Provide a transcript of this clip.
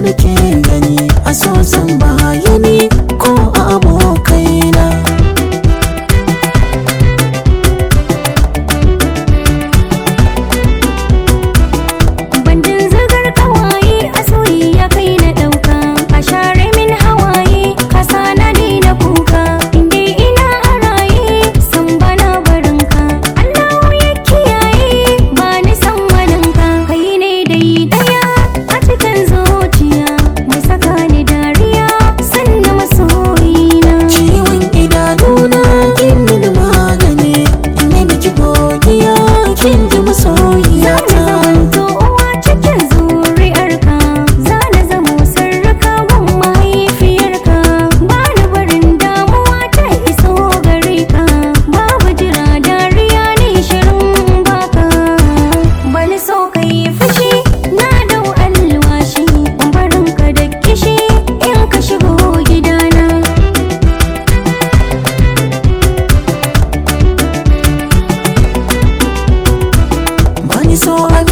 baby, can so I